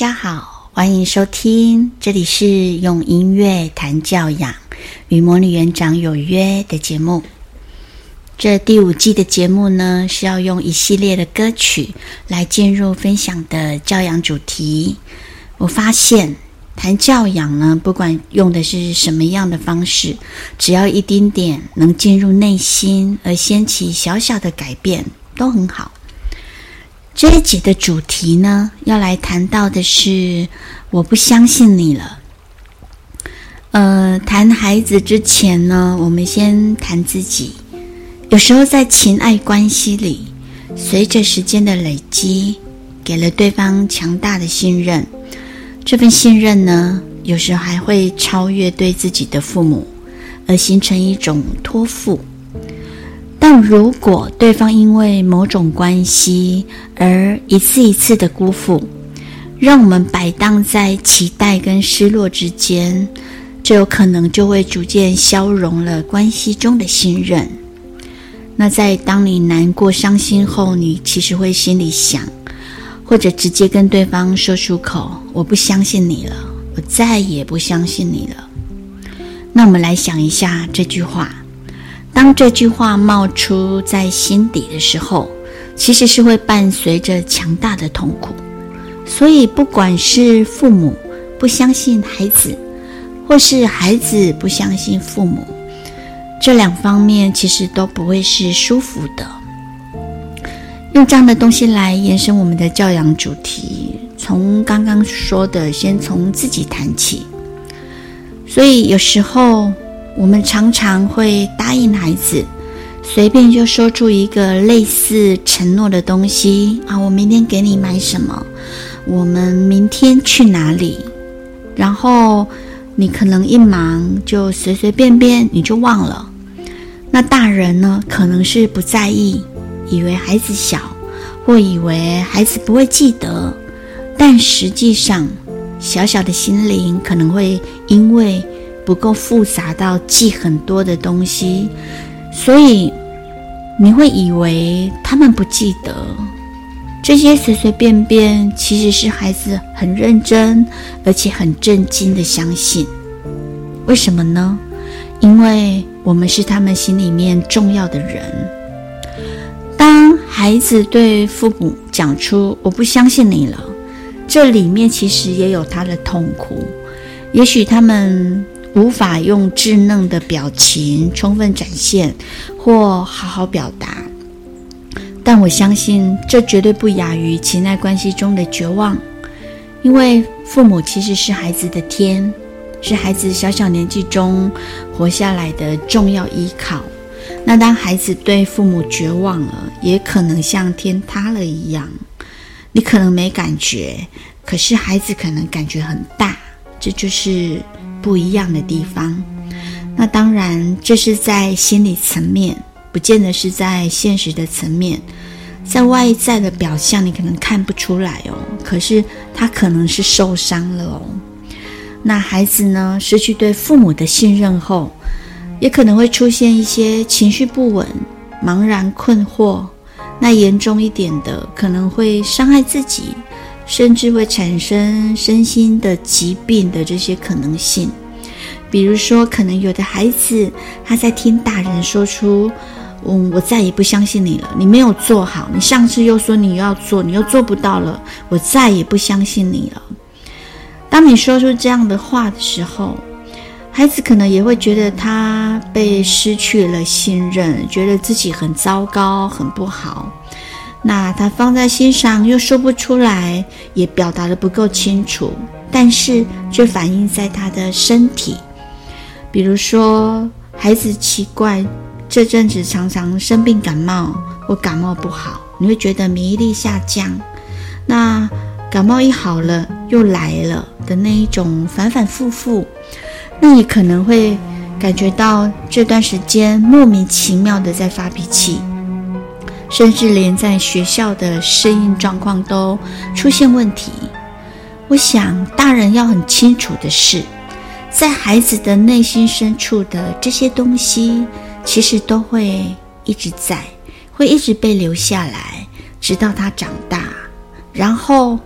大家好，歡迎收聽，這裡是用音樂談教養與魔女園長有約的節目。這第五季的節目呢，是要用一系列的歌曲來進入分享的教養主題。我發現，談教養呢，不管用的是什麼樣的方式，只要一丁點能進入內心而掀起小小的改變，都很好。這一集的主題呢，要來談到的是“我不相信你了”。呃，談孩子之前呢，我們先談自己。有時候在情愛關係裡，隨着時間的累積，給了對方強大的信任。這份信任呢，有時候還會超越對自己的父母，而形成一種托付。但如果對方因為某種關係而一次一次的辜負，讓我們擺盪在期待跟失落之間，這有可能就會逐漸消融了關係中的信任。那在當你難過、傷心後，你其實會心裡想，或者直接跟對方說出口：“我不相信你了，我再也不相信你了。”那我們來想一下這句話。當這句話冒出在心底的時候，其實是會伴隨着強大的痛苦。所以，不管是父母不相信孩子，或是孩子不相信父母，這兩方面其實都不會是舒服的。用這樣的東西來延伸我們的教養主題，從剛剛說的，先從自己談起。所以，有時候。我們常常會答應孩子，隨便就說出一個類似承諾的東西啊，我明天給你買什麼，我們明天去哪裡。然後你可能一忙就隨隨便便你就忘了。那大人呢，可能是不在意，以為孩子小，或以為孩子不會記得。但實際上，小小的心靈可能會因為。不夠複雜到記很多的東西，所以你會以為他們不記得這些隨隨便便，其實是孩子很認真而且很正經的相信。為什麼呢？因為我們是他們心裡面重要的人。當孩子對父母講出“我不相信你了”，這裡面其實也有他的痛苦。也許他們。無法用稚嫩的表情充分展現，或好好表達。但我相信，這絕對不亞於情愛關係中的絕望，因為父母其實是孩子的天，是孩子小小年紀中活下來的重要依靠。那當孩子對父母絕望了，也可能像天塌了一樣。你可能沒感覺，可是孩子可能感覺很大。這就是。不一樣的地方，那當然這是在心理層面，不見得是在現實的層面，在外在的表象你可能看不出來哦，可是他可能是受傷了哦。那孩子呢，失去對父母的信任後，也可能會出現一些情緒不穩、茫然困惑，那嚴重一點的，可能會傷害自己。甚至會產生身心的疾病的這些可能性，比如說，可能有的孩子他在聽大人說出“嗯，我再也不相信你了，你沒有做好，你上次又說你又要做，你又做不到了，我再也不相信你了。”當你說出這樣的話的時候，孩子可能也會覺得他被失去了信任，覺得自己很糟糕，很不好。那他放在心上又說不出來，也表達的不夠清楚，但是卻反映在他的身體。比如說，孩子奇怪，這陣子常常生病感冒或感冒不好，你會覺得免疫力下降。那感冒一好了又來了的那一種反反复复，那你可能會感覺到這段時間莫名其妙的在發脾氣。甚至連在學校的適應狀況都出現問題。我想，大人要很清楚的是，在孩子的內心深處的這些東西，其實都會一直在，會一直被留下來，直到他長大。然後，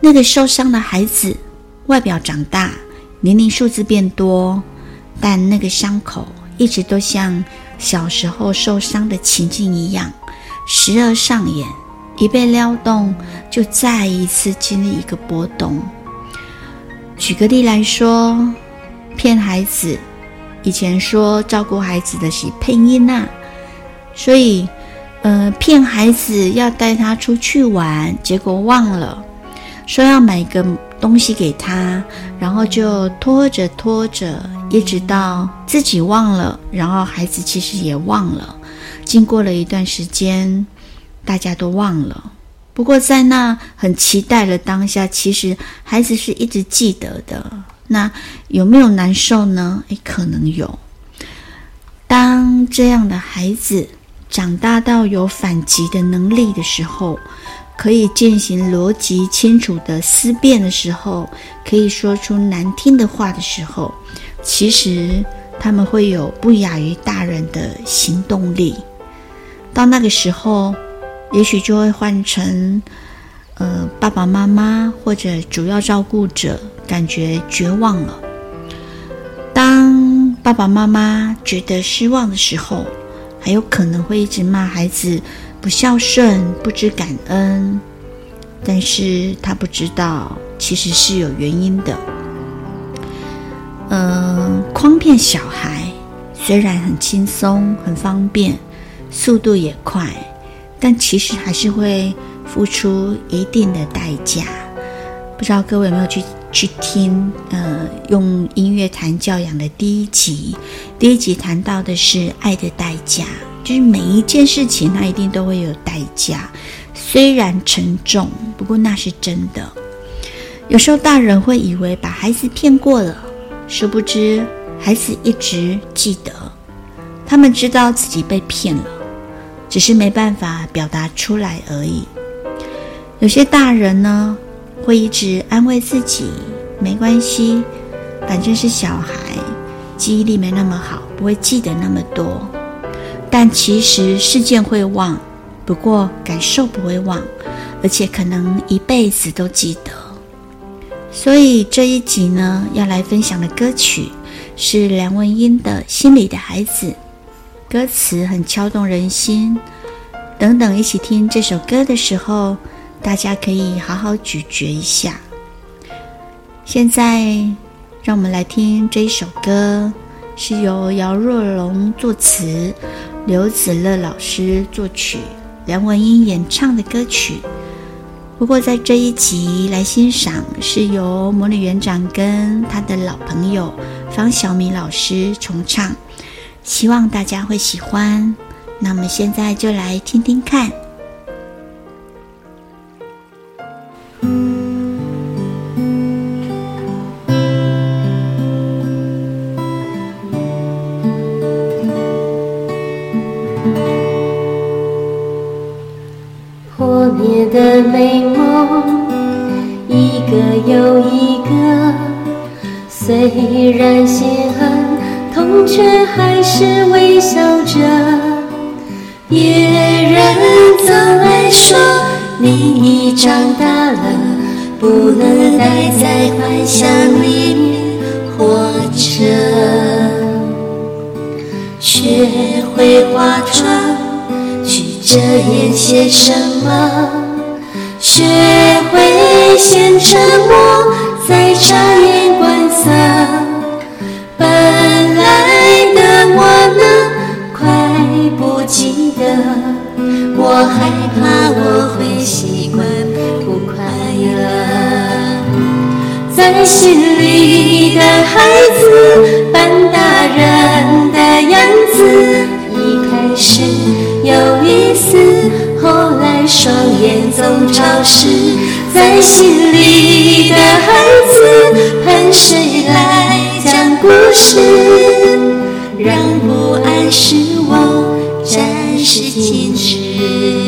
那個受傷的孩子外表長大，年齡數字變多，但那個傷口一直都像小時候受傷的情境一樣。時而上演，一被撩動，就再一次經歷一個波動。舉個例來說，騙孩子，以前說照顧孩子的喜配音吶、啊，所以，呃，騙孩子要帶他出去玩，結果忘了，說要買一個東西給他，然後就拖着拖着，一直到自己忘了，然後孩子其實也忘了。經過了一段時間，大家都忘了。不過在那很期待的當下，其實孩子是一直記得的。那有沒有難受呢？哎，可能有。當這樣的孩子長大到有反擊的能力的時候，可以進行邏輯清楚的思辨的時候，可以說出難聽的話的時候，其實他們會有不亞於大人的行動力。到那個時候，也許就會換成，呃，爸爸媽媽或者主要照顧者感覺絕望了。當爸爸媽媽覺得失望的時候，還有可能會一直罵孩子不孝順、不知感恩。但是他不知道，其實是有原因的。呃，誆騙小孩雖然很輕鬆、很方便。速度也快，但其實還是會付出一定的代價。不知道各位有沒有去去聽？呃，用音樂談教養的第一集，第一集談到的是愛的代價，就是每一件事情，它一定都會有代價。雖然沉重，不過那是真的。有時候大人會以為把孩子騙過了，殊不知孩子一直記得，他們知道自己被騙了。只是沒辦法表達出來而已。有些大人呢，會一直安慰自己，沒關係，反正是小孩，記憶力沒那麼好，不會記得那麼多。但其實事件會忘，不過感受不會忘，而且可能一輩子都記得。所以這一集呢，要來分享的歌曲是梁文音的《心裡的孩子》。歌詞很敲動人心，等等，一起聽這首歌的時候，大家可以好好咀嚼一下。現在，讓我們來聽這一首歌，是由姚若龍作詞，劉子樂老師作曲，梁文音演唱的歌曲。不過，在這一集來欣賞，是由魔女園長跟他的老朋友方曉敏老師重唱。希望大家會喜歡，那我們現在就來聽聽看。你已長大了，不能待在幻想裡面活着。學會化妝，去遮掩些什麼？學會先沉默，再察言觀色。本來的我呢，快不記得？我害怕我。在心裡的孩子扮大人的樣子，一開始有意思，後來雙眼總潮濕。在心裡的孩子盼誰來講故事，讓不安使我暫時停止。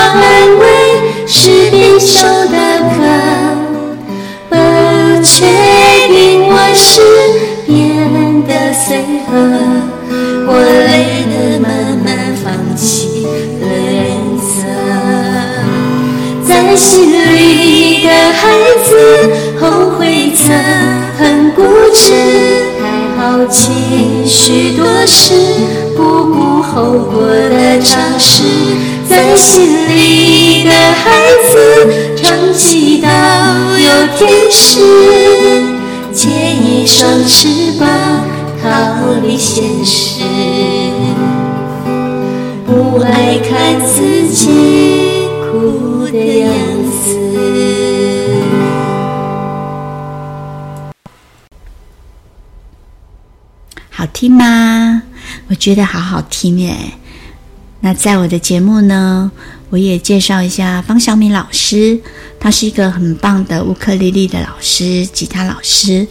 也許多事不顧後果的嘗試，在心裡的孩子常祈禱有天使借一雙翅膀逃離現實，不愛看自己。聽嗎？我覺得好好聽耶。那在我的節目呢，我也介紹一下方小敏老師，他是一個很棒的烏克麗麗的老師、吉他老師。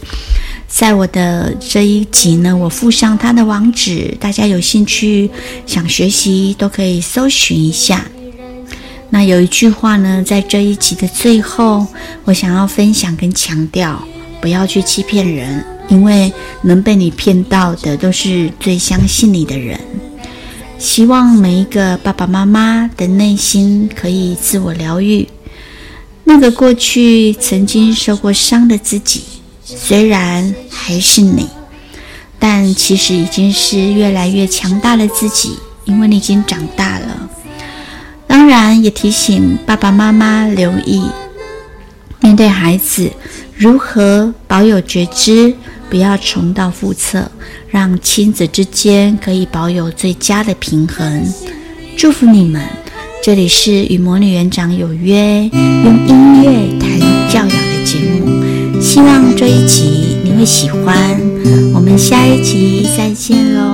在我的這一集呢，我附上他的網址，大家有興趣想學習都可以搜尋一下。那有一句話呢，在這一集的最後，我想要分享跟強調，不要去欺騙人。因為能被你騙到的都是最相信你的人。希望每一個爸爸媽媽的內心可以自我療癒，那個過去曾經受過傷的自己，雖然還是你，但其實已經是越來越強大的自己，因為你已經長大了。當然，也提醒爸爸媽媽留意，面對孩子，如何保有覺知。不要重蹈覆轍，讓親子之間可以保有最佳的平衡。祝福你們！這裡是與魔女園長有約，用音樂談教養的節目。希望這一集你會喜歡，我們下一集再見嘍。